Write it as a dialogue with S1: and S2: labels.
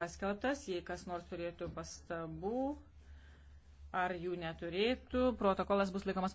S1: paskelbtas, jei kas nors turėtų pastabų ar jų neturėtų, protokolas bus laikomas